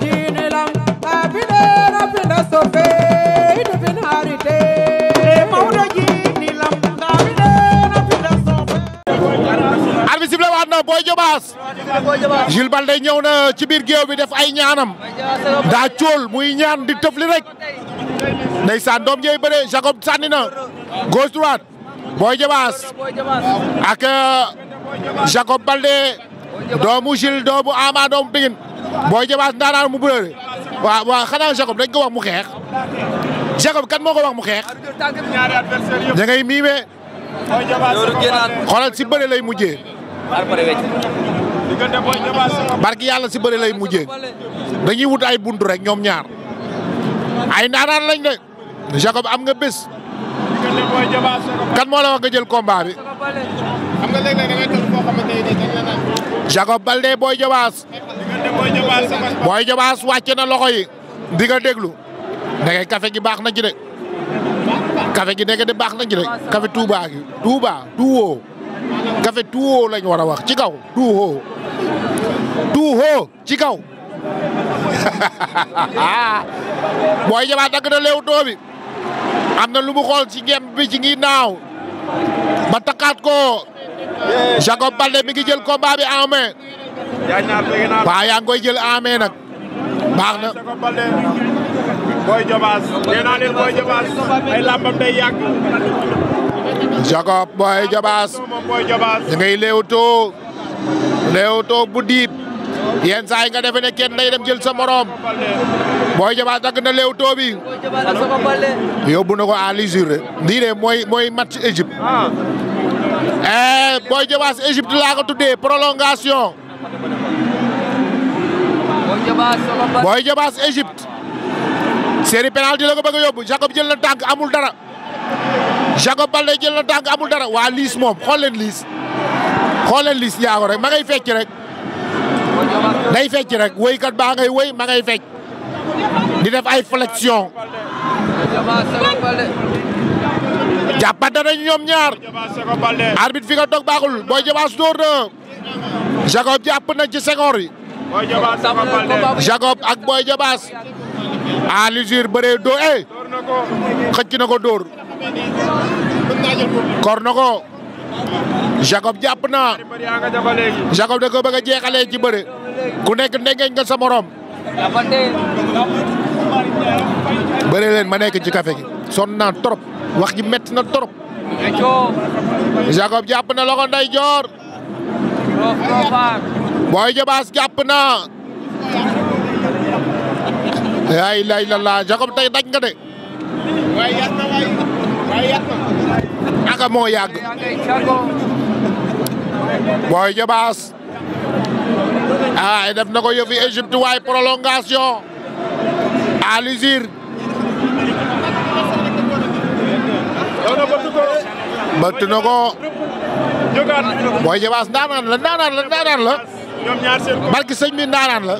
jini lam sible waat na Boy Diobass Jules Baldé ñëw na ci biir géew bi def ay ñaanam daa cool muy ñaan di tëfli rek ndeysaan doom jey bëre Jacob sànni na gauche droite Boy Diobass ak euh, Jacob Baldé doomu Jules doomu Ama doomu Pikine Boy Diobass ndaanaan mu bëree waaw waaw xanaa Jacob dañ ko wax mu xeex Jacob kat moo ko wax mu xeex da ngay miime xoolal si bëre lay mujjee barki yàlla si bëre lay mujjee dañuy wut ay buntu rek ñoom ñaar ay ndaanaan lañ de Jacob am nga bés kan moo la wax nga jël combat bi. Jacob Baldé Boy Diobass. Boy Diobass wàcc na loxo yi. di nga déglu. ndeke café gi baax na ci kafe café gi ndeke de baax na ci de. café Touba gi Touba Touwoo. café Touwoo lañ war a wax ci kaw Touwoo. Touwoo ci kaw. Boy Diobass dagg am na lu xool ci gem bi ci ginnaaw. ba takkaat ko. Jacob Baldé mi ngi jël combat bi en main waaw yaa ngi koy jël en main nag baax na. Boy Jobaas nee bu diib yenn saa yi nga defe ne kenn day dem jël sa moroom Boy Jobaas dagg na léewtoo bi yóbbu na ko à l'usure lii mooy mooy match Égypte. Ah. Eh, Boy Diobass Égypte laa ko tuddee prolongation Boy Diobass Égypte série penalty la ko bëgg a yóbbu Jacob jël na tànk amul dara Jacob Baldé jël na tànk amul dara waa liis moom xool leen liis xool liis njaago rek ma ngay fecc rek day fecc rek woykat baa ngay woy ma ngay fecc di def ay flexion jàppante nañu ñoom ñaar. arbitre fi nga dog baaxul Boy Diobass dóor na. Jacob jàpp na ci sengoor yi. Jacob ak Boy Diobass. à bëree doo eh. xëcc na ko dóor. kor na ko. Jacob jàpp na. Jacob da ko bëgg a jeexalee ci bëre. ku nekk ndengeñ nga sa morom. bëri leen ma nekk ci kafe gi sonn naa trop wax ji métti na trop. Jacob jàpp na loxo day joor. Boy Jobaas jàpp na. laa ilaaha illallaah Jacob tey daj nga de. aka moo yàgg. Boy Jobaas. ah def na ko yëfi Égypte waaye prolongation. à l'usure bëtt na ko Boy Diobass ndaanaan la ndaanaan la barki sëñ bi ndaanaan la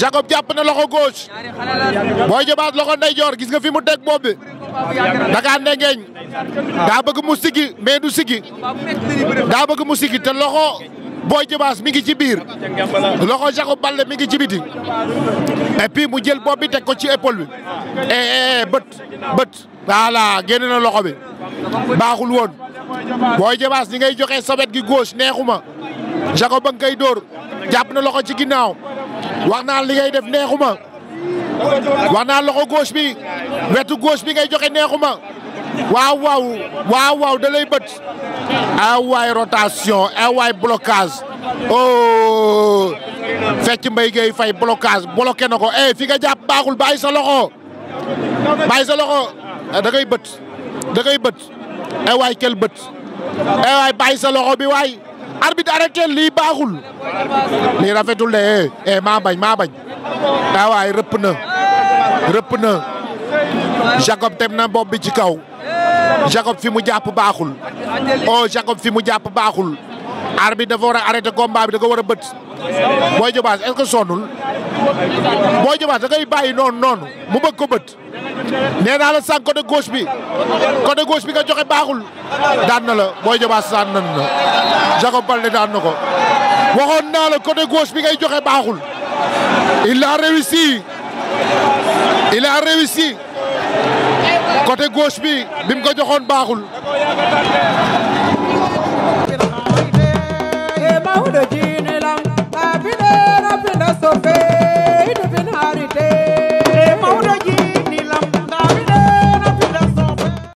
Jacob jàpp na loxo gauche Boy Diobass loxo ndeyjoor gis nga fi mu teg bopp bi daga ndengeeñ daa bëgg mu siggi mais du siggi daa bëgg mu siggi te loxo Boy Diobass mi ngi ci biir loxo Jacob Baldé mi ngi ci biti et puis mu jël bopp bi teg ko ci épaule bi e bët bët voilà génn na loxo bi baaxul woon Boy Diobass ni ngay joxe sa wet gi gauche neexuma Jacob ba nga koy jàpp na loxo ci ginnaaw wax naa li ngay def neexuma wax naa loxo bi wetu goos bi ngay joxe neexuma waaw waaw waaw waaw da bët ay ah, waay rotation ay ah, waay blocage oh fecc mbay gay fay blocage bloqué na ko eh, fi nga jàpp baaxul bàyyi saloxo loxo saloxo sa ah, bët da bët ay eh, waay kel bët ay eh, waay bàyyi sa loxo bi waay arbitre arrêté lii baaxul lii rafetul de eh maa bañ maa bañ ay waay rëpp na rëpp na Jacob tem na bopp bi ci kaw Jacob fi mu jàpp baaxul oh Jacob fi mu jàpp baaxul aar bi dafa war a arrêté combat bi da ko war a bët Boy Diobass est-ce que sonnul Boy Diobass bàyyi noonu noonu mu bëgg ko bët nee naa la sànq côté gauche bi côté gauche bi nga joxe baaxul daan na la Boy Diobass daan nan na Jacob Baldé daan na ko waxoon naa la côté gauche bi ngay joxe baaxul il a réussi il a réussi côté gauche bi bi mu ko joxoon baaxul.